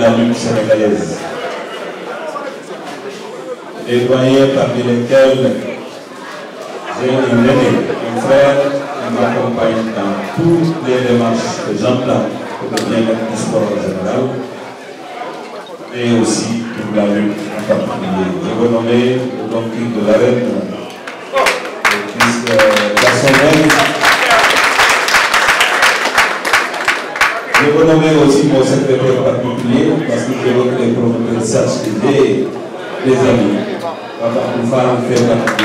la langue sénégalaise. Des doyens parmi lesquels j'ai un aîné, un frère qui m'accompagne dans toutes les démarches que j'entends pour le bien-être du sport en général et aussi pour la lutte en particulier. Je veux nommer le Don King de l'arène, le fils euh, Renommer aussi mon secrétaire particulier parce que je veux que les promoteurs sachent que j'ai des amis. Papa Koufar fait partie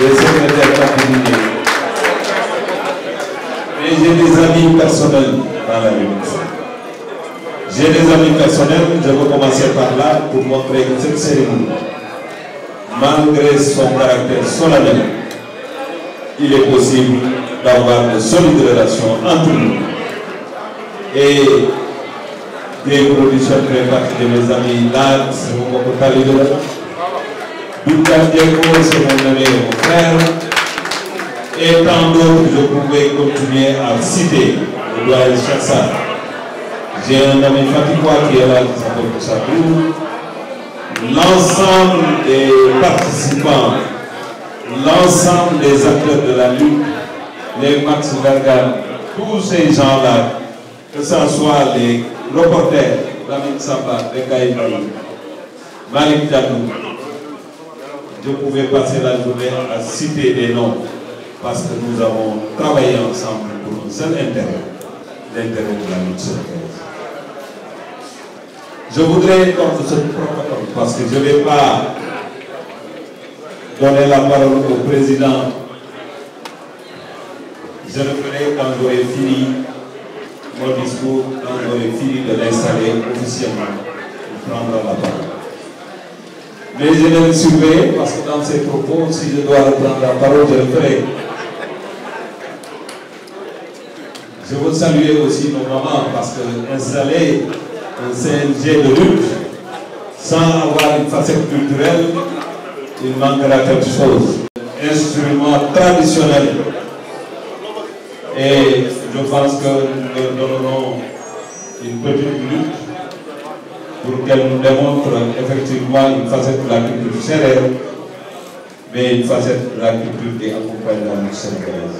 des secrétaires particuliers. Mais j'ai des amis personnels dans la musique. J'ai des amis personnels, je veux commencer par là pour montrer que cette cérémonie, malgré son caractère solennel, il est possible d'avoir de solides relations entre nous. et des productions très parties de mes amis là sama mbokku talibé la Boubacar Diakhou c'est mon ami et mon frère et tant d'autres je pouvais continuer à citer le doyen Cheikh Sarr j'ai un ami Fatikois qui est là qui s'appelle Moussa Diouf l'ensemble des participants l'ensemble des acteurs de la lutte les Max Vergane tous ces gens que ce soit les reporters Lamine Samba, Bekaï Malik Dianou, je pouvais passer la journée à citer des noms parce que nous avons travaillé ensemble pour un seul intérêt, l'intérêt de la lutte sénégalaise. Je voudrais donc parce que je ne vais pas la parole au président. Je le ferai quand j'aurai fini mon discours, quand j'aurai fini de officiellement, il prendra la parole. Mais je vais me surveiller parce que dans ses propos, si je dois reprendre la parole, je le ferai. Je veux saluer aussi nos mamans que installer un CNG de lutte sans avoir une facette culturelle, il manquera quelque chose. Instrument traditionnel Et je pense que nous donnerons une petite minute pour qu'elle nous démontre effectivement une facette de la culture sérère, mais une facette de la culture qui accompagne la lutte sénégalaise.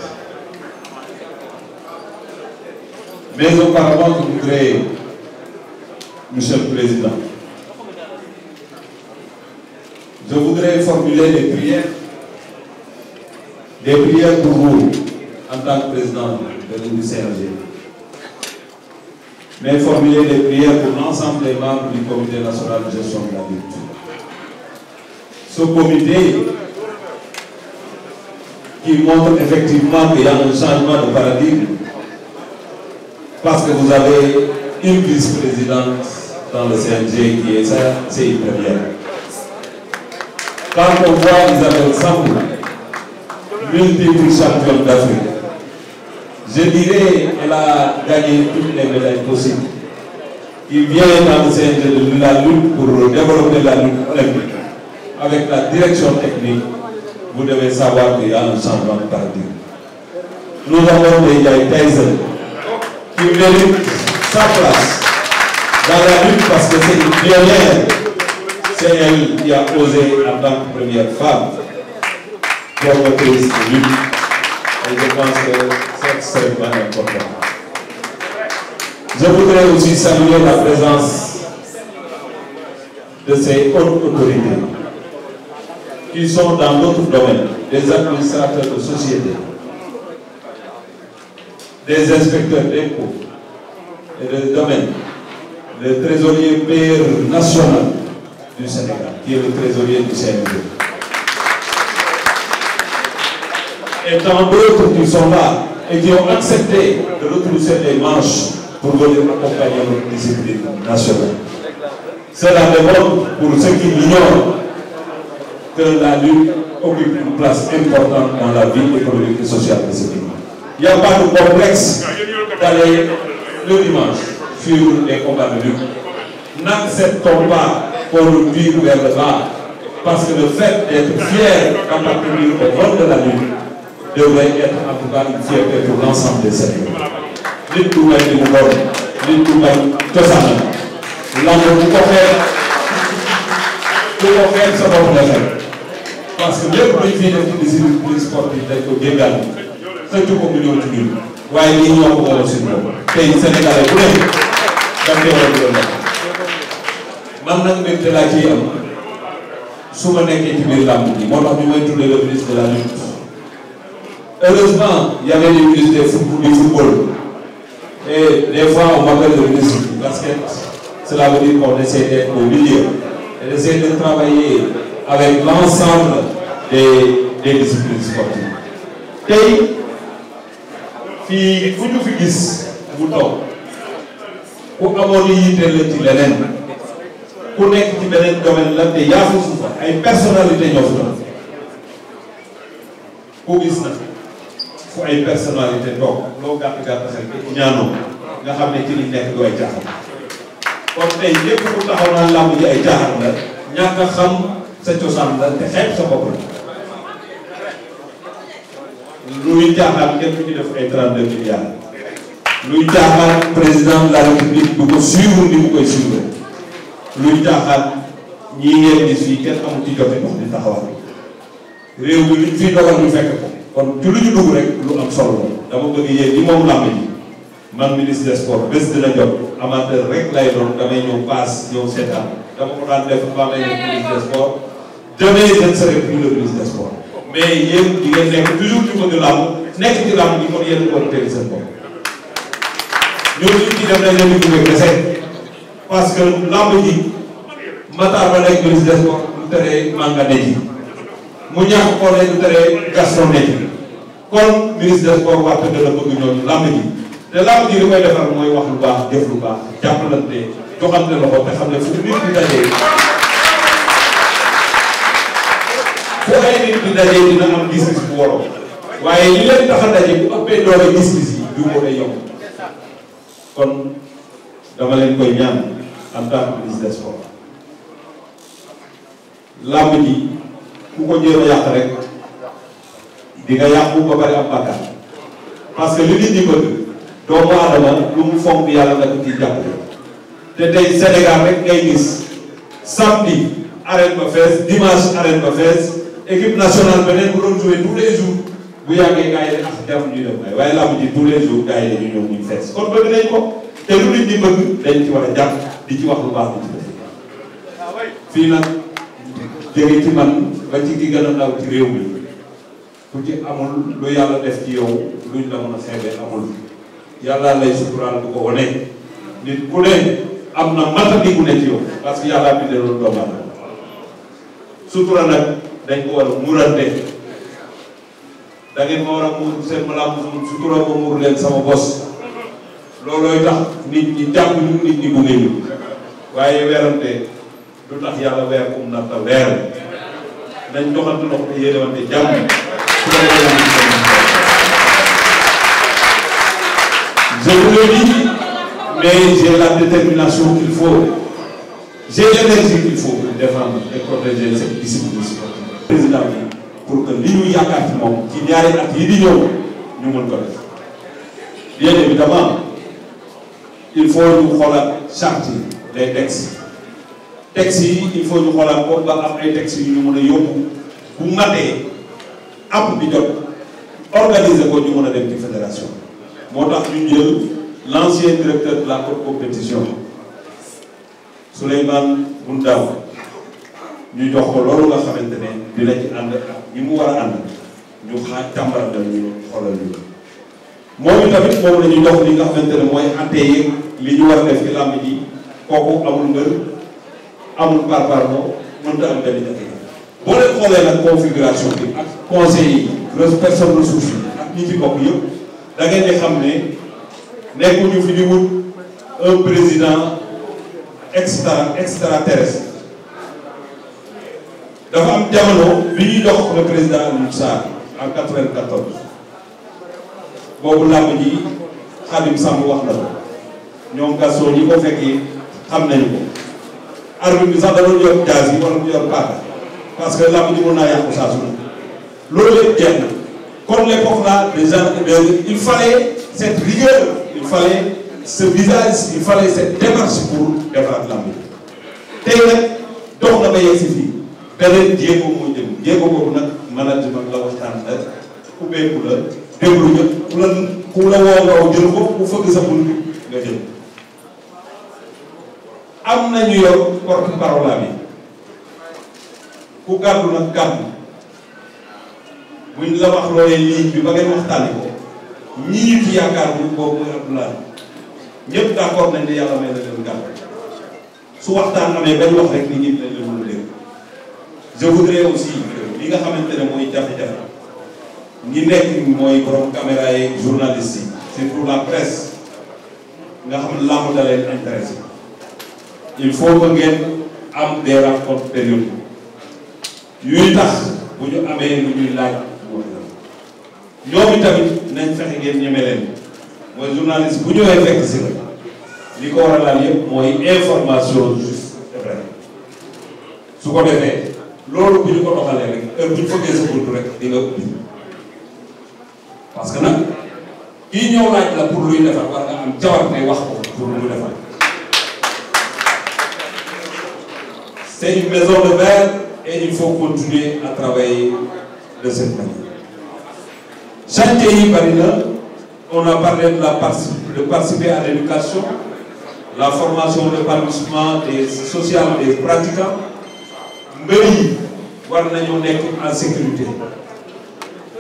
Mais auparavant, je voudrais, Monsieur le Président, je voudrais formuler des prières, des prières pour vous. en tant que président de du CRG, mais formuler des prières pour l'ensemble des membres du comité national de gestion de la lutte. Ce comité qui montre effectivement qu'il y a un changement de paradigme parce que vous avez une vice-présidente dans le CNG qui est ça, c'est une première. Quand on voit Isabelle Sambou, multiple championne d'Afrique, Je dirais qu'elle a gagné toutes les médailles possibles. Il vient dans la lutte pour développer la lutte olympique. Avec la direction technique, vous devez savoir qu'il y a un changement de paradigme. Nous avons déjà Tyson qui mérite sa place dans la lutte parce que c'est une pionnière. C'est elle qui a posé en tant que première femme pour de lutte. je pense c'est le point important. Je voudrais aussi saluer la présence de ces hautes autorités qui sont dans d'autres domaines, des administrateurs société, des inspecteurs d'impôts et des domaines, le trésorier père national du Sénégal, qui trésorier du CNP. Et tant d'autres qui sont là et qui ont accepté de pour venir accompagner notre discipline nationale. Cela démontre, pour ceux qui l'ignorent, la lutte occupe une place importante dans la vie économique sociale de ce pays. Il n'y a pas de complexe dimanche suivre les combats de lutte. N'acceptons pas qu'on nous vire vers le bas, parce que le fait d'être de la lutte, devrait être en tout cas une fierté pour l'ensemble des Sénégalais. nit ku mel ni mu borom nit ku mel cosaanam lamb bu ko xeeb ku ko xeeb sa bopp la xeeb parce que lépp luñ fiy def discipline sportive dañ ko jéggal xëcc ko mu ñëw ci ñun waaye lii ñoo ko boole suñu bopp tey Sénégalais bu nekk daf koy war a man nag mbégte laa ciy am su ma nekkee ci biir làmb bi moo tax ñu may tuddee le ministre de Heureusement, il y avait les ministres du football. Et des fois, on m'appelle le ministre du basket. Cela veut dire qu'on essaie d'être au milieu. On essaie de travailler avec l'ensemble des, des disciplines sportives. tey fii ku ñu fi gis mu toog ku amoon yitte la ci leneen ku nekk ci beneen domaine la te yaa fa ay personnalité ñoo fi doon ku gis na fu ay personnalité toog loo gàtt gàtt xel bi ñaanoo nga xam ne ci nekk du ay jaaxal kon tey yépp ku taxaw naa làmb ji ay jaaxal la ñàkk a xam sa cosaan la te xeeb sa bopp luy jaaxal ngeen ko ci def ay 32 milliards luy jaaxal président la mu koy suivre luy réew mi liñ fi fekk ko kon ci lu ñu dugg rek lu am solo dama bëgg yéen ñi moom làmb ji man ministre des sports bés dina jot amateur rek lay doon damay ñëw paas ñëw dama ko daan def avant may nekk ministre des sports demee seen serai plus le ministre des sports mais yéen di ngeen nekk toujours ci bëgg làmb nekk ci làmb ji kon yéen ko teel seen bopp ñooñu ñu ci dem nañ leen di dugg kese parce que làmb ji Matar Ba nekk ministre des sports bu teree mu ñàkk koo leen tere Gaston nekk kon ministre des sports wax la bëgg ñooñu làmb ji te làmb ji li koy defar mooy wax lu baax jëf lu baax jàppalante joxante loxo te xam ne fu nit ñi dajee ay nit ñi bu waroo waaye li leen tax a bu ëppee doole gis-gis yi du ko yow kon dama leen koy ñaan en tant que ministre làmb ji ku ko jéem a di nga yàqu ba bari am bàkkaar parce que li nit ñi bëgg doomu aadama lu mu fonk yàlla nga ko ciy jàppale te tey Sénégal rek ngay gis samedi arène ba fees dimanche arène ba fees équipe nationale beneen bu doon jouer tous les jours bu yàggee gars yi dañ ak ah, jàmm ñu dem waaye làmb ji tous les jours gars yi dañu ñëw ñu fees kon bëgg nañ ko te lu nit ñi bëgg dañ ci war a jàpp di ci wax lu baax di ci def fii nag jóge ci man ba ci ki gën a ndaw ci réew mi ku ci amul lu yàlla def ci yow luñ la mën a seede amul yàlla lay suturaal bu ko wane nit ku ne am na matadi bu ne ci yow parce que yàlla bindee loolu doomu aadama sutura nag dañ ko war a murante da ngeen ma war a muur seen malaam sutura ko muur leen sama du tax yàlla weer kum natta nañ doxal ndox mi yéene wante jàmm su ko je vous le dis mais j'ai la détermination qu'il faut j'ai l'énergie qu'il faut pour défendre et protéger cette discipline sportive président bi pour que li ñu yaakaar ci moom ci ñaari at yi di ñëw ñu mën ko def bien évidemment il faut ñu xoolaat charte les textes texte yi il faut ñu xoolaat ko ba am ay texte yu ñu mën a yóbbu bu matee app bi jot organiser ko ñu mën a dem ci fédération moo tax ñu jël l' ancien de la compétition Souleymane Boundaw ñu jox ko loolu nga xamante ne dina ci ànd ak mu war a ànd ñu xaaj tàmbali dañuy xoolal ñu moom tamit moom la ñu jox li nga xamante ne mooy àttee yi li ñu war a def ci ji kooku amul mbër. amul par par boo mënut a am benn jafe-jafe boo leen xoolee nag configuration bi ak conseil yi personne ressource yi ak ñi ci bokk yëpp da ngeen xam ne nekkuñu fi di wut président extra extraterrestre dafa am jamono bi ñuy dox le président Alioune Sarr en 94 boobu làmb ji Xadim Samb wax na ko ñoom Gaston ñi ko fekkee xam nañu ko. arbitre bi sax da doon yor jaas yi wala mu yor paaka parce que làmb ji naa yàqu saa su ne loolu lépp jeex na kon l'époque là des gens il fallait cette rigueur il fallait ce visage il fallait cette démarche pour defaraat làmb ji tey nag dox na ba yegg si fii beneen jéego moo jëm jéego boobu nag management la waxtaan la ubbeeku la déglu ñëpp ku la ku la woo nga ko ku fëgg sa bunt nga jël am nañu yor porte-parole bi ku gàddu nag gàddu buñ la wax loolee ligne bi ba ngeen waxtaani ko ñii fi yaakaar bu boobu mooy Abdoulaye ñëpp d'accord nañ ne yàlla may na leen gàddu su waxtaan amee bañ wax rek nit ñi dinañ leen mën a dégg je voudrais aussi que li nga xamante ne mooy jafe-jafe ñi nekk mooy borom caméra yi journaliste yi c'est pour la presse nga xam ne laa ko dalee intéressé il faut que am des rapports périodiques yuy tax bu ñu amee lu ñuy laaj ñoom tamit nañ fexe ngeen ñeme leen mooy journaliste bu ñëwee fekk si la li ko a laal yëpp mooy information juste et su ko defee loolu bu ñu ko doxalee rek heure bu ñu fëggee sa bunt rek di nga ubbi parce que nag kii ñëw laaj la pour luy defar war nga am jawar ne wax ko pour luy defar. C'est une maison de verre et il faut continuer à travailler de cette manière. Chantier yi bari na on a parlé de la participer de participer à l'éducation la formation l'épanouissement des social des pratiquants mbër yi war nañu nekk en sécurité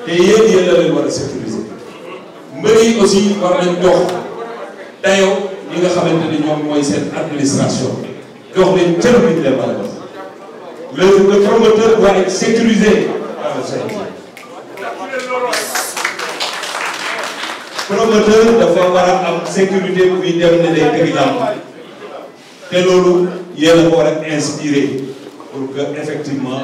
te yéen yéen la leen war a sécuriser aussi war dox dayoo ñi nga xamante ni ñoom mooy seen administration. jox leen cër bi ñu leen war a jox le promoteur doit être promoteur dafa war a am sécurité buy dem ne day tëgg làmb te loolu yéen a ko war a pour que effectivement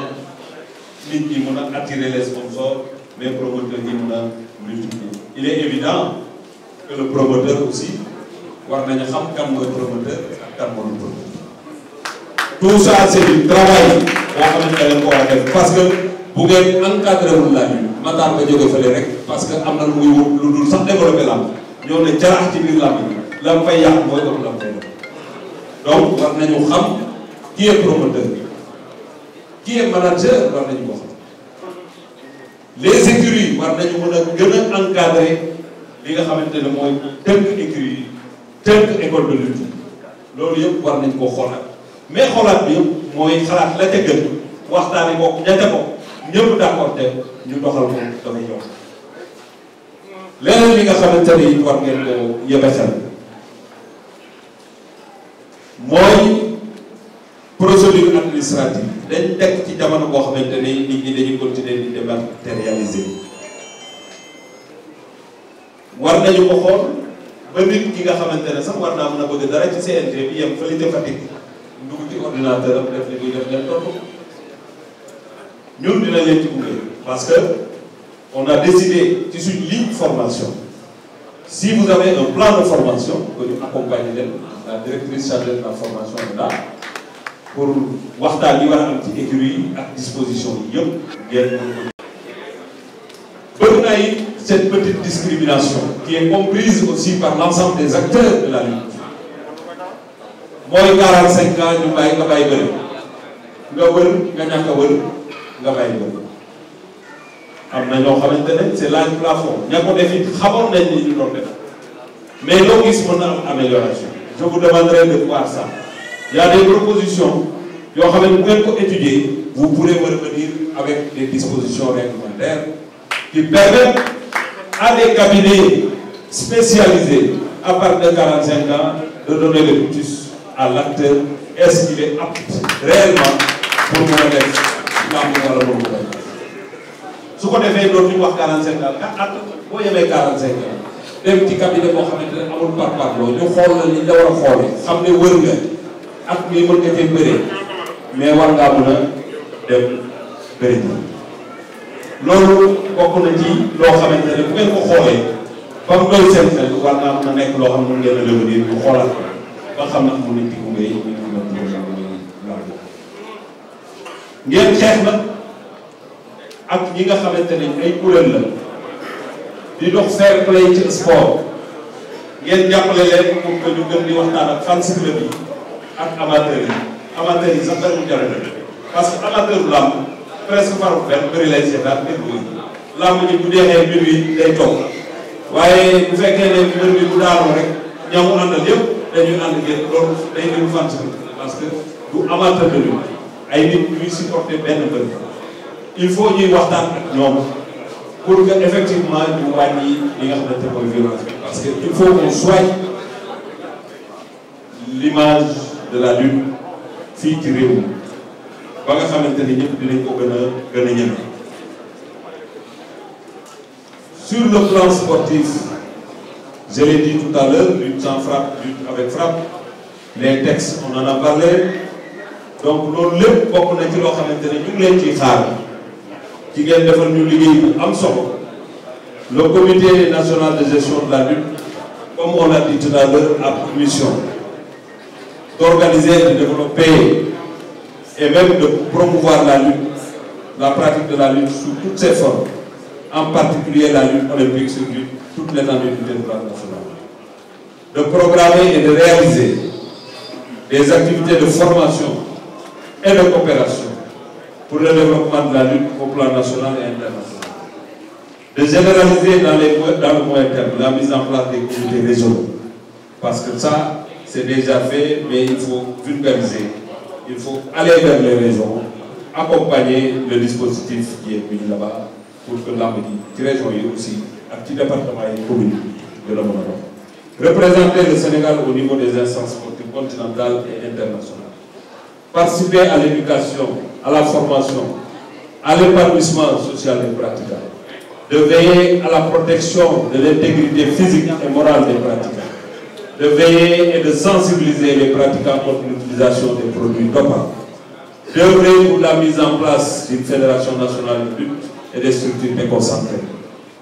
nit ñi mën attirer les sponsors mais promoteur yi mën a multiplier. il est évident le promoteur aussi war nañu xam kan mooy promoteur ak kan mooy promoteur. tout ça c' est ne dañ ko war a def parce que bu ngeen encadré wul la ñu Matar ba jóge fële rek parce que am na lu muy wut lu dul sax développé làmb ñoo ne jarax ci biir làmb bi lam fay yàq mooy doon lam fay donc war nañu xam qui est promoteur qui est manager war nañu ko xam les écuries war nañu mën a gën a encadré li nga xamante ne mooy tënk écurie yi école de lutte loolu yëpp war nañ ko xoolaat. mais xoolaat bi mooy xalaat la ca gën waxtaani ko ñette ko ñëpp d'accord te ñu doxal ko dafay ñëw leneen li nga xamante ne it war ngeen ko yëbesal mooy procédure dañ teg ci jamono boo xamante ne nit ñi dañu continuer di dématérialiser war nañu ko xool ba nit ki nga xamante ne sax war naa mën a bëgg dara ci CNG bi yem fële ca Fatick dugg ci ordinateur am def li muy def leen topp ñun dina leen que on a décidé ci suñ ligne formation si vous avez un plan de formation que ñu accompagner leen la directrice chargée de la formation est là pour waxtaan yi wax am ci écurie yi ak disposition yi yëpp ngeen bëgg na it cette petite discrimination qui est comprise aussi par l'ensemble des acteurs de la lutte mooy 45 ans ñu bàyyi nga bàyyi bëri nga wër nga ñàkk a wër nga bàyyi bëri am na ñoo xamante ne c'est l'âge plafond ña ko def it xamoon nañ ni ñu doon def mais loo gis mën na am amélioration je vous demanderai de voir ça il y a des propositions yoo xam ne bu ngeen ko étudier vous pourrez revenir avec des dispositions réglementaires qui permettent à des cabinets spécialisés à partir de 45 ans de donner le cursus à l'acteur est-ce qu'il est apte réellement pour a def làmb wala pour mu def su ko defee doon ñu wax 45 daal nga at boo yemee 45 daal dem ci cabinet boo xamante ne amul par par a xoolee xam ne wër nga at mi mën nga cee war ngaa mën a dem bëri loolu bokk na ci loo xamante ne bu ngeen ko xoolee ba mu doy seen xel war naa mën nekk loo xam ne mën ngeen a revenir ba xam nag moom lañ ci gunge yi ñu gunge programme mooy loolu ngeen xeex nag ak ñi nga xamante ne ay kuréel la di dox fair play ci sport ngeen jàppale leen pour que ñu gën di waxtaan ak fans club yi ak amateur yi amateur yi sax dañu jarale parce que amateur làmb presque par benn bëri lay seetaan mbir mi làmb ji bu deexee mbir mi day toog waaye bu fekkee ne mbir mi bu daanoo rek ñamu àndal yëpp dañuy ànd ngeen loolu day dem fans bi parce que du amateur de lutte ay nit ñuy supporter benn mbër il faut ñuy waxtaan ak pour que effectivement ñu wàññi li nga xamante mooy violence bi parce que il faut qu'on soigne l'image de la lutte fii ci réew ba nga xamante ni ñëpp dinañ ko gën a gën a ñeme sur le plan Je l'ai dit tout à l'heure, lutte sans frappe, lutte avec frappe. Les textes, on a parlé. donc loolu lépp bokk na ci loo xamante ne ñu ngi leen ciy xaar ci ngeen defal ñu liggéey am solo le comité national de gestion de la lutte comme on l'a dit tout à l'heure a pour mission d'organiser, de développer et même de promouvoir la lutte la pratique de la lutte sous toutes ses formes en particulier la lutte olympique sur toute l'étendue du territoire national. De programmer et de réaliser des activités de formation et de coopération pour le développement de la lutte au plan national et international. De généraliser dans, les, dans le moyen la mise en place des comités régionaux. Parce que ça, c'est déjà fait, mais il faut vulgariser. Il faut aller vers les régions, accompagner le dispositif qui est mis là pour que làmb ji yi aussi ak ci département yi commune yi dina mën a dox représenter le Sénégal au niveau des instances continentales et internationales participer à l'éducation à la formation à l'épanouissement social des pratiquants de veiller à la protection de l'intégrité physique et morale des pratiquants de veiller et de sensibiliser les pratiquants contre l'utilisation des produits dopants d'œuvrer la mise en place d'une fédération nationale et des structures déconcentrées.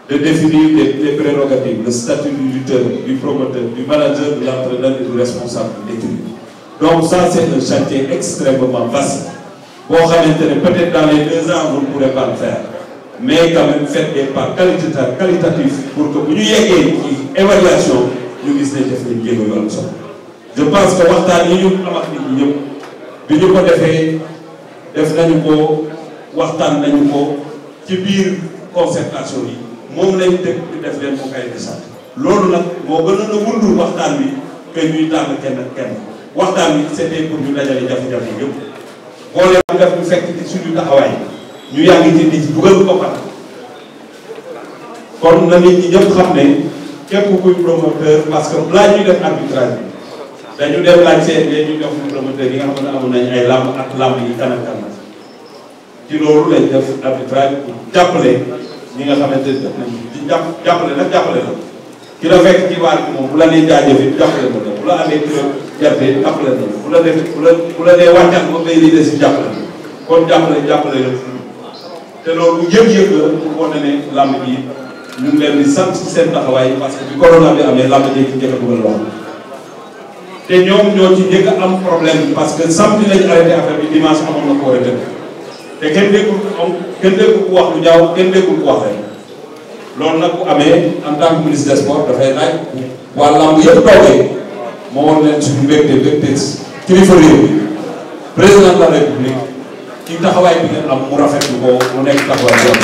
De définir les, les prérogatives, le statut du lutteur, du promoteur, du manager, de l'entraîneur et du responsable d'équipe. Donc ça, c'est chantier extrêmement vaste. Bon, peut-être dans les deux ans, vous ne pourrez Mais quand même, faites des pas qualitatifs pour que vous ayez une évaluation ñu gis ne def nañ jéego yu am solo je pense que waxtaan yi ñu am nit ñi ñëpp bi ñu ko defee def nañu ko waxtaan nañu ko ci biir concertation yi moom lañ teg ñu def leen mu kay de sant loolu nag moo gënoon a wundu waxtaan wi que ñuy tànn kenn kenn waxtaan wi c'était pour ñu dajale jafe-jafe yëpp boole bu def ñu fekk ci suñu taxawaay ñu yaa ngi ci di ci ko pat kon na nit ñi ñëpp xam ne képp kuy promoteur parce que laa ñuy def arbitrage bi dañu dem laaj seen ñu jox ñu promoteur yi nga xam ne amoon ay làmb ak làmb yi kanam ci loolu lañ def arbitrage pour jàppale ñi nga xamante ne def nañu jàpp jàppale nag jàppale la ki fekk ci waar bi moom bu la nee jaajëfee jàppale na la bu la amee kilo jàppale na la bu la def bu la bu la nee wàccan ba bay lii des si jàppale na kon jàppale jàppale la te loolu yëg-yëg la pour ne làmb ji ñu ngi leen di sant si seen parce que bi corona bi amee làmb ji ci njëkk a dugal loxo te ñoom ñoo ci njëkk a am problème parce que samedi lañu arrêté affaire bi dimanche amoon na ko war a te kenn déggul am kenn déggul ku wax lu ñaaw kenn déggul ku wax rek loolu nag bu amee en tant que ministre des sports dafay laaj waa làmb yëpp toogee moo woon leen suñu mbégte mbégte kilifa réew mi président de la république ci taxawaay bi ngeen am mu rafetlu ko mu nekk taxawaay bu am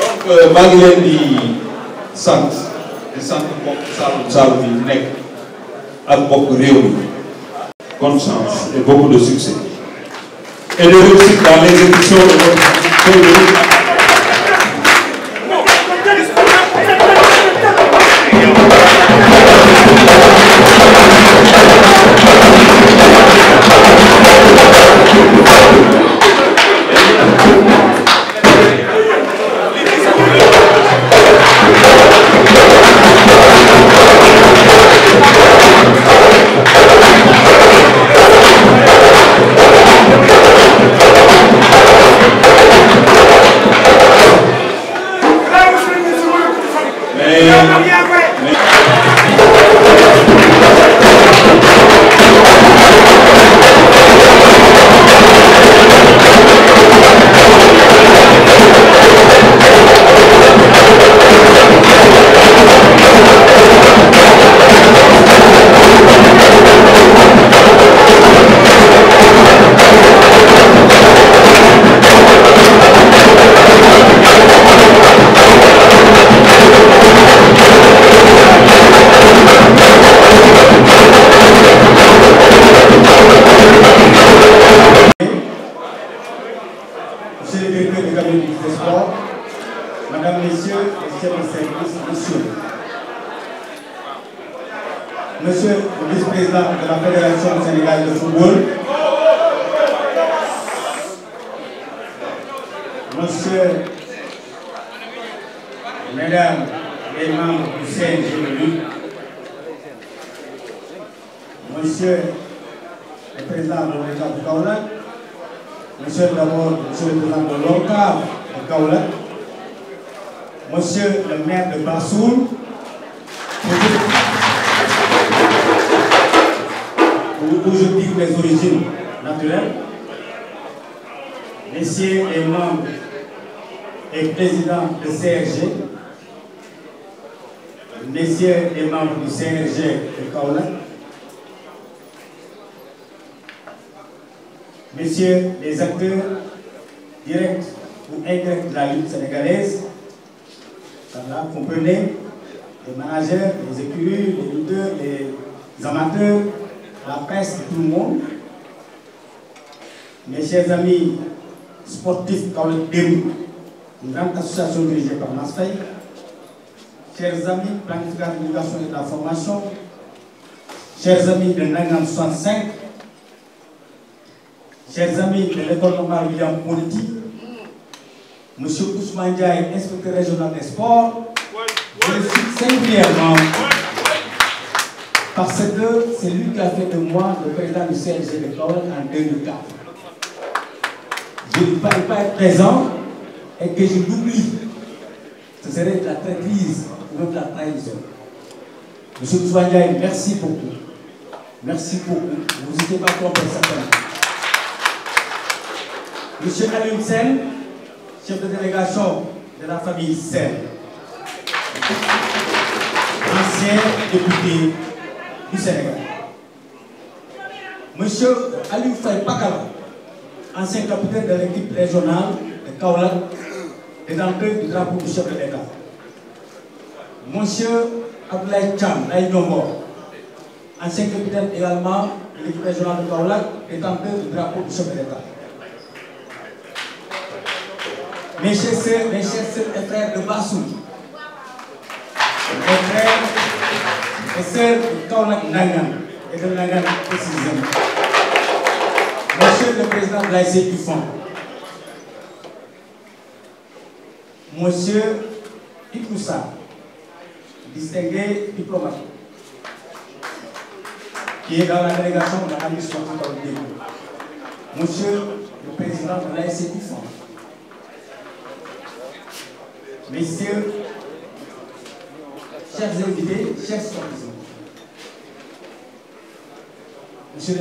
donc euh, maa ngi leen di sant di sant mbokk Saloum Saloum yi nekk ak mbokk réew de succès et de réussite dans l'exécution de votre politique. de la Fédération sénégalaise de football. Monsieur, Mesdames les membres du CNG, Monsieur le Président de l'État de Kaolack, Monsieur d'abord, Monsieur le Président de l'OCAV de Kaolack, Monsieur le maire de Bassoul, d'où je tire mes origines naturelles. Messieurs les membres et présidents de CRG, messieurs les membres du CRG de Kaolack, messieurs les acteurs directs ou indirects de la lutte sénégalaise, par là, comprenez les managers, les écuries, les lutteurs, les amateurs, la presse, tout le monde mes chers amis sportifs Kaolack démb une grande association dirigée par Mass Faye la formation chers amis de Nangam 65 chers amis de l'école normale William Ponty monsieur Ousmane Ndiaye inspecteur régional des sports je Parce que c'est lui qui a fait de moi le président du CNG de Kaolack en 2004. Je ne pouvais pas être présent et que je l'oublie. Ce serait la traîtrise ou de la trahison. Monsieur Tsouandiaï, merci beaucoup. Merci beaucoup. Vous n'étiez pas trompé certainement. Monsieur Alioune Sène, chef de délégation de la famille Sène, député du Sénégal. Monsieur Aliou Faye Pakala, ancien capitaine de l'équipe régionale de Kaolack, détenteur du drapeau du de l'État. Monsieur Abdoulaye Thiam Laye Ndiombor, ancien capitaine également de l'équipe régionale de Kaolack, détenteur du drapeau du de l'État. Mes chers sœurs, mes chers de Bassou et celle du Kaolack Ndangaan et de Ndangaan précisément. Monsieur le président de l'AIC du Fonds, Monsieur Ikoussa, distingué diplomate, qui est délégation de la mission de Monsieur le président de l'AIC du Fonds, Messieurs, chers invités, chers partisans, Monsieur le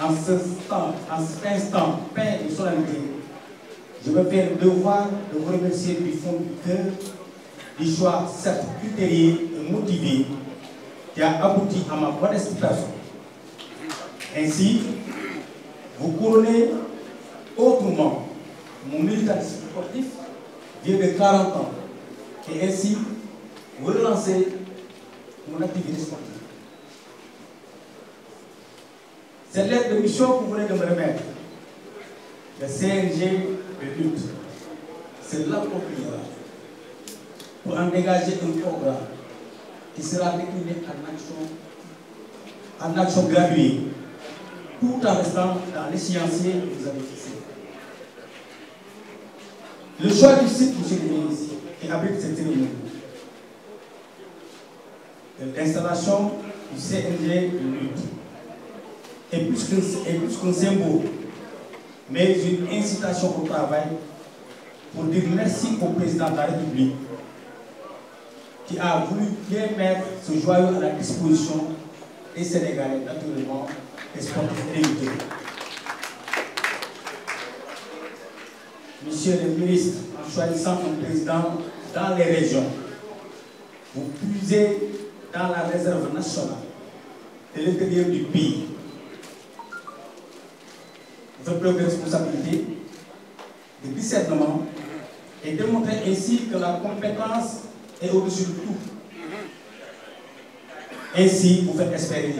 en ce, temps, en cet instant plein de solennité, je me devoir de vous remercier fond du cœur du choix certes critérié et motivé qui a abouti à Ainsi, vous couronnez autrement mon militantisme sportif vieux de ans et ainsi vous relancez mon activité sportive. Cette lettre de mission que vous de me remettre, le CNG de lutte, c'est l'appropriation pour en dégager un programme qui sera décliné en action, en action graduée, tout en restant dans l'échéancier que vous avez fixé. Le choix du site, M. le ministre, qui abrite cette cérémonie, l'installation CNG de lutte, est plus qu'un qu symbole, mais une incitation au travail pour dire merci président de la a voulu bien mettre ce joyau à la disposition des Sénégalais, naturellement, et sportifs invités. Monsieur le ministre, en choisissant un président dans les régions, vous puisez dans la réserve nationale de l'intérieur du pays de responsabilité de discernement et démontrer ainsi que la compétence est au-dessus Ainsi, vous faites espérer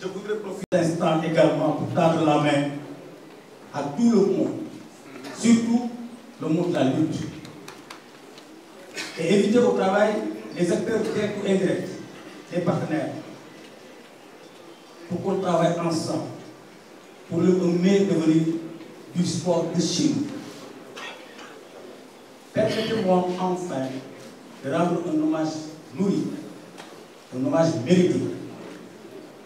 Je voudrais profiter instant également pour tendre la main à tout le monde, surtout le monde la lutte, et éviter au travail les acteurs directs ou indirects, les partenaires, pour qu'on travaille ensemble pour le meilleur devenir du de chez nous. Permettez-moi enfin de rendre un hommage nourri, un hommage mérité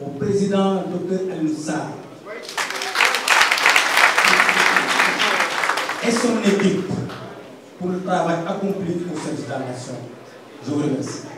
au président docteur Alioune pour le travail accompli au service de la